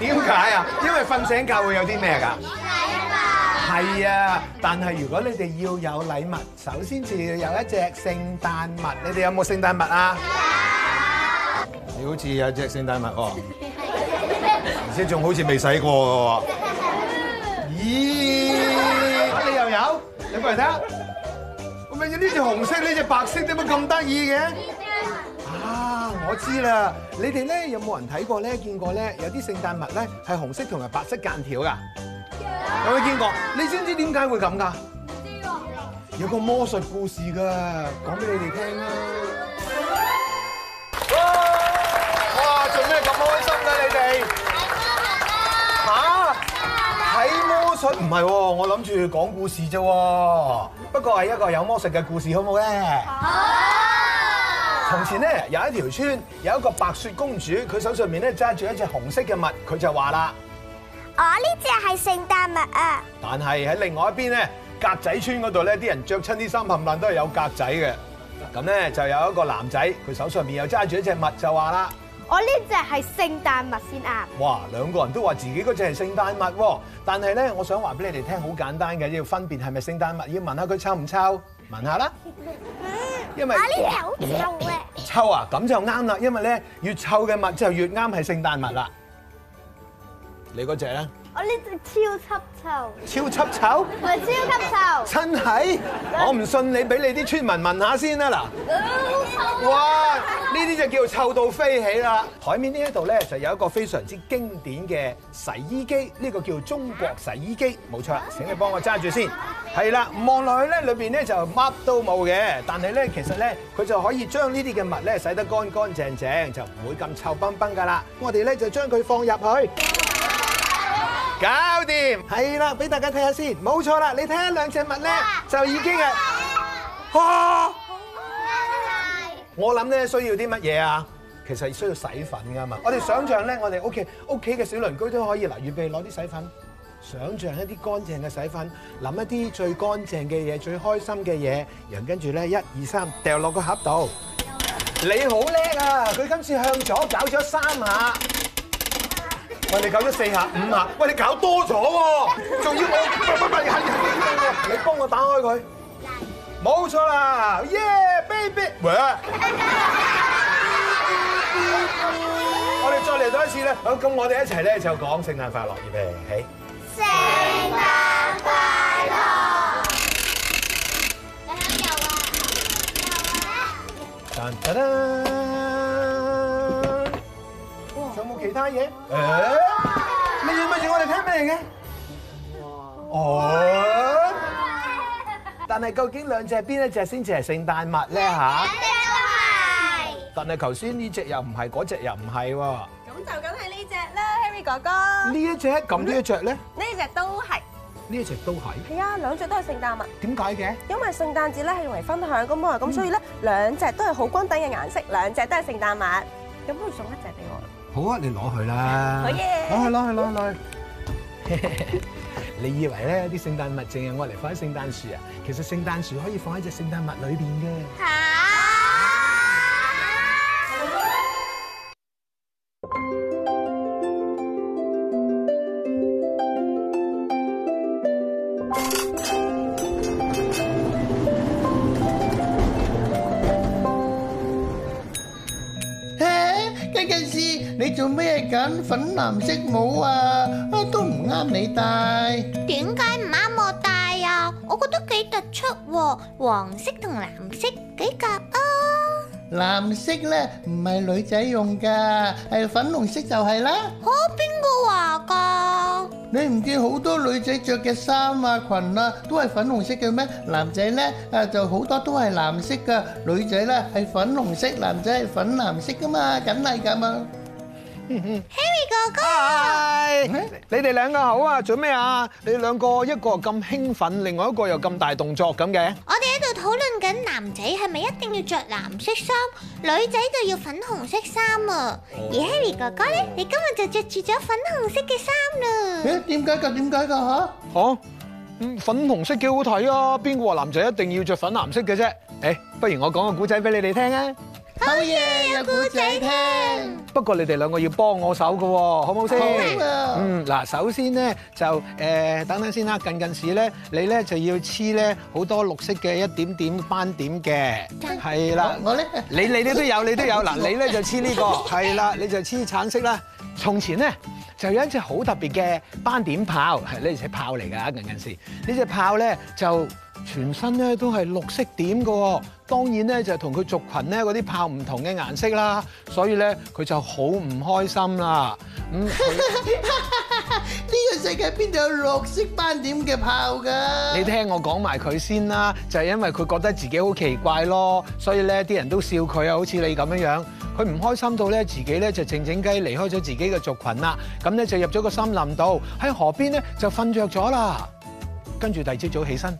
點解啊？因為瞓醒覺會有啲咩㗎？禮物係啊，但係如果你哋要有禮物，首先就要有一隻聖誕物。你哋有冇聖誕物啊？有、yeah. 你好似有一隻聖誕物喎，而且仲好似未洗過喎。咦、欸？你又有？你過嚟睇下，咁咪要呢隻紅色呢隻白色？點解咁得意嘅？我知啦，你哋咧有冇人睇過咧？見過咧？有啲聖誕物咧係紅色同埋白色間條噶，有冇見過？你知唔知點解會咁噶？唔知喎。有個魔術故事噶，講俾你哋聽啦。哇！做咩咁開心咧你哋？睇魔術啦！嚇、啊？睇魔術唔係喎，我諗住講故事啫喎。不過係一個有魔術嘅故事，好唔好咧？好。從前咧有一條村，有一個白雪公主，佢手上面咧揸住一隻紅色嘅襪，佢就話啦：我呢隻係聖誕襪啊！但係喺另外一邊咧，格仔村嗰度咧，啲人着親啲衫冚唪爛都係有格仔嘅。咁咧就有一個男仔，佢手上面又揸住一隻襪，就話啦：我呢隻係聖誕襪先啊。」哇！兩個人都話自己嗰隻係聖誕襪，但係咧，我想話俾你哋聽，好簡單嘅，要分辨係咪聖誕襪，要聞下佢臭唔臭，聞下啦。因為，啊好臭嘅臭啊，噉就啱喇，因為呢，越臭嘅物就越啱係聖誕物喇，你嗰隻呢？我呢隻超級臭，臭，超級臭，臭，超級臭，臭，臭。真係，我唔信你，俾你啲村民聞下先啦嗱。哇，呢啲就叫臭到飛起啦！檯面呢一度咧就有一個非常之經典嘅洗衣機，呢個叫中國洗衣機，冇錯啦。請你幫我揸住先。係 啦，望落去咧，裏面咧就乜都冇嘅，但係咧其實咧，佢就可以將呢啲嘅物咧洗得乾乾淨淨，就唔會咁臭崩崩噶啦。我哋咧就將佢放入去。搞掂，係啦，俾大家睇下先，冇錯啦，你睇下兩隻物咧，就已經係、啊啊。我諗咧需要啲乜嘢啊？其實需要洗粉噶嘛。啊、我哋想象咧，我哋屋企屋企嘅小鄰居都可以嗱、呃，預備攞啲洗粉，想象一啲乾淨嘅洗粉，諗一啲最乾淨嘅嘢、最開心嘅嘢，然後跟住咧一二三掉落個盒度。你好叻啊！佢今次向左搞咗三下。喂，你搞咗四下五下，喂你搞多咗喎，仲要我唔係，係你幫我打開佢，冇錯啦，Yeah baby，我哋再嚟多一次咧，好，咁我哋一齊咧就講聖誕快樂，預備起，聖誕快樂，你喺度啊？遊啊？噠噠噠。有冇其他嘢？誒，你問住我哋聽咩嘅？哦，但係究竟兩隻邊一隻先至係聖誕襪咧嚇？呢隻都係。但係頭先呢隻又唔係，嗰隻又唔係喎。咁就梗係呢隻啦，Harry 哥哥。呢一隻，咁呢一隻咧？呢隻都係。呢一隻都係。係啊，兩隻都係聖誕襪。點解嘅？因為聖誕節咧係用嚟分享㗎嘛，咁所以咧兩隻都係好均等嘅顏色，兩隻都係聖誕襪。咁可以送一隻俾我。好啊，你攞去啦，可以攞去攞去攞去攞去。去去 你以為咧啲聖誕物淨係愛嚟放喺聖誕樹啊？其實聖誕樹可以放喺隻聖誕物裏邊嘅。一件事，你做咩揀粉藍色帽啊？都唔啱你戴。點解唔啱我戴啊？我覺得幾突出，啊，黃色同藍色幾夾啊。藍色咧唔係女仔用噶，係粉紅色就係啦。可邊個話噶？你唔見好多女仔著嘅衫啊裙啊都係粉紅色嘅咩？男仔呢，就好多都係藍色嘅，女仔呢，係粉紅色，男仔係粉藍色㗎嘛，緊係咁啊！Henry 哥哥，你哋兩個好啊？做咩啊？你兩個一個咁興奮，另外一個又咁大動作咁嘅？我哋喺度討論緊男仔係咪一定要着藍色衫，女仔就要粉紅色衫啊？而 Henry 哥哥咧，你今日就着住咗粉紅色嘅衫啦？誒，點解噶？點解噶？吓吓？嗯，粉紅色幾好睇啊？邊個話男仔一定要着粉藍色嘅啫？誒，不如我講個故仔俾你哋聽啊！好嘢，有古仔聽。不過你哋兩個要幫我手㗎喎，好唔好先？好，嗯，嗱，首先咧就誒，等等先啦。近近時咧，你咧就要黐咧好多綠色嘅一點點斑點嘅。係啦。我咧？你你咧都有，你都有。嗱，你咧就黐呢個，係啦，你就黐橙色啦。從前咧就有一隻好特別嘅斑點豹，係呢隻豹嚟㗎。近近時呢隻豹咧就。全身咧都係綠色點嘅，當然咧就同佢族群咧嗰啲豹唔同嘅顏色啦，所以咧佢就好唔開心啦。咁、嗯、呢 個世界邊度有綠色斑點嘅豹㗎？你聽我講埋佢先啦，就係、是、因為佢覺得自己好奇怪咯，所以咧啲人都笑佢啊，好似你咁樣樣。佢唔開心到咧，自己咧就靜靜雞離開咗自己嘅族群啦，咁咧就入咗個森林度，喺河邊咧就瞓着咗啦，跟住第二朝早起身。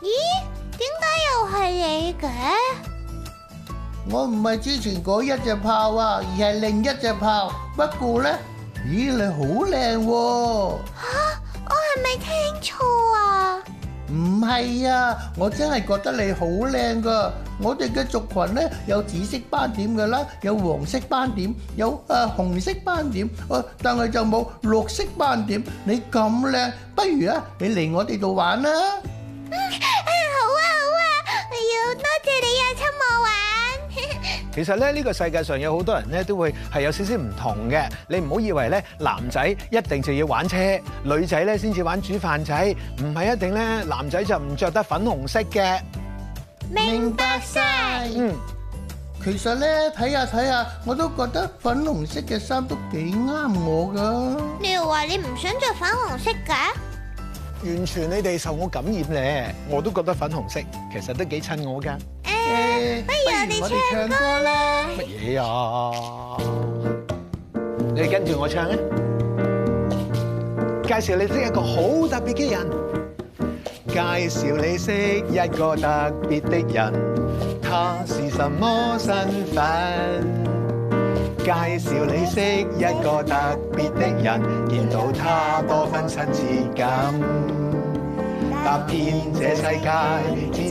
咦？點解又係你嘅？我唔係之前嗰一隻豹啊，而係另一隻豹。不過呢，咦，你好靚喎！吓、啊，我係咪聽錯啊？唔係啊，我真係覺得你好靚噶。我哋嘅族群呢，有紫色斑點噶啦，有黃色斑點，有啊、呃、紅色斑點，啊、呃，但係就冇綠色斑點。你咁靚，不如啊，你嚟我哋度玩啦！其實咧，呢個世界上有好多人咧，都會係有少少唔同嘅。你唔好以為咧，男仔一定就要玩車，女仔咧先至玩煮飯仔，唔係一定咧，男仔就唔着得粉紅色嘅。明白晒？嗯，其實咧，睇下睇下，我都覺得粉紅色嘅衫都幾啱我噶。你又話你唔想着粉紅色㗎？完全你哋受我感染咧，我都覺得粉紅色其實都幾襯我噶。不如我哋唱歌啦！乜嘢啊？你跟住我唱啊。介紹你識一個好特別嘅人，介紹你識一個特別的人，他是什麼身份？介紹你識一個特別的人，見到他多分親切感，踏遍這世界，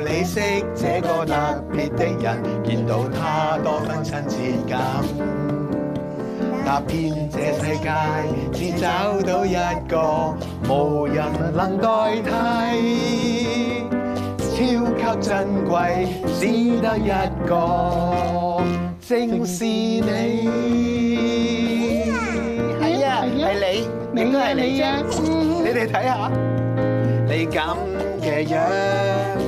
你識這個特別的人，見到他多分親切感。踏遍這世界，只找到一個無人能代替，超級珍貴，只得一個，正是你。係啊，係你，你，你，應該係你呀。你哋睇下，你咁嘅樣。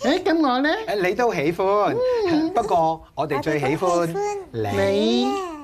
誒咁我咧？誒你都喜歡，不過我哋最喜歡你。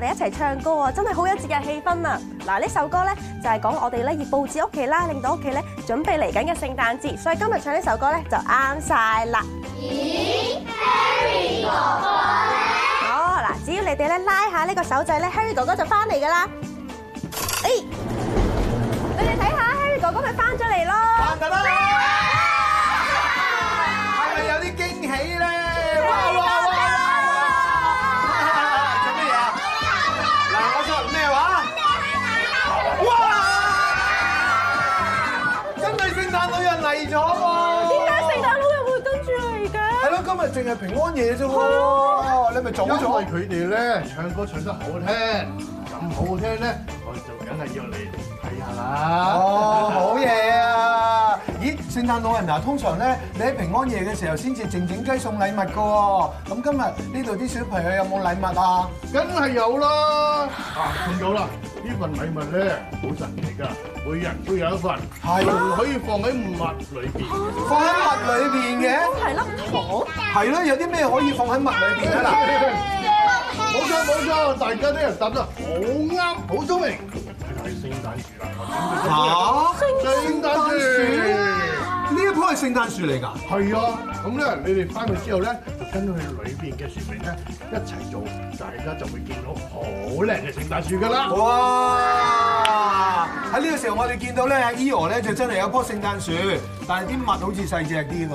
我哋一齊唱歌啊，真係好有節日氣氛啊！嗱，呢首歌咧就係講我哋咧要布置屋企啦，令到屋企咧準備嚟緊嘅聖誕節，所以今日唱呢首歌咧就啱晒啦。咦，Harry 哥哥咧？好，嗱，只要你哋咧拉下呢個手仔咧，Harry 哥哥就翻嚟噶啦。哎，你哋睇下，Harry 哥哥佢翻咗嚟咯。翻咗啦！點解四大佬又會跟住嚟嘅？係咯，今日淨係平安夜啫喎！你咪早咗。因為佢哋咧唱歌唱得好聽，咁好聽咧，我哋就梗係要嚟睇下啦。哦，好嘢啊！聖誕老人嗱，通常咧你喺平安夜嘅時候先至靜靜雞送禮物噶喎。咁今日呢度啲小朋友有冇禮物啊？梗係有啦，啊見到有啦！呢份禮物咧好神奇噶，每人都有一份，係可以放喺物裏邊，放喺物裏邊嘅，係粒糖，係咯，有啲咩可以放喺物裏邊咧嗱？冇錯冇錯，大家啲人答得好啱，好聰明。睇睇聖誕樹啦嚇，聖誕。聖誕樹嚟噶，係啊！咁咧，你哋翻去之後咧，就跟佢裏邊嘅樹苗咧一齊做，大家就會見到好靚嘅聖誕樹噶啦！哇！喺呢個時候我們看，我哋見到咧，阿 Eo 咧就真係有一棵聖誕樹，但係啲物好似細隻啲喎。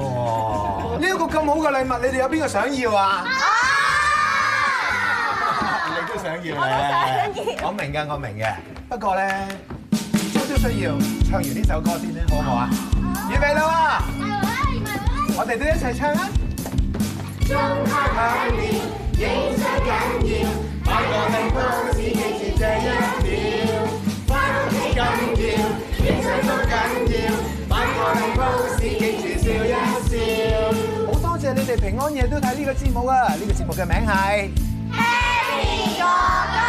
呢、這、一個咁好嘅禮物，你哋有邊個想要啊？啊 你都想要嘅，我明㗎，我明嘅。不過咧，我都需要唱完呢首歌先咧，好唔好啊？預備啦！我哋都一齊唱啦！鐘塔考驗，影相緊要，擺個 pose 記住這一秒，翻屋企緊要，影相都緊要，擺個 pose 記住笑一笑。好多謝你哋平安夜都睇呢個節目啊！呢個節目嘅名係 Happy 哥。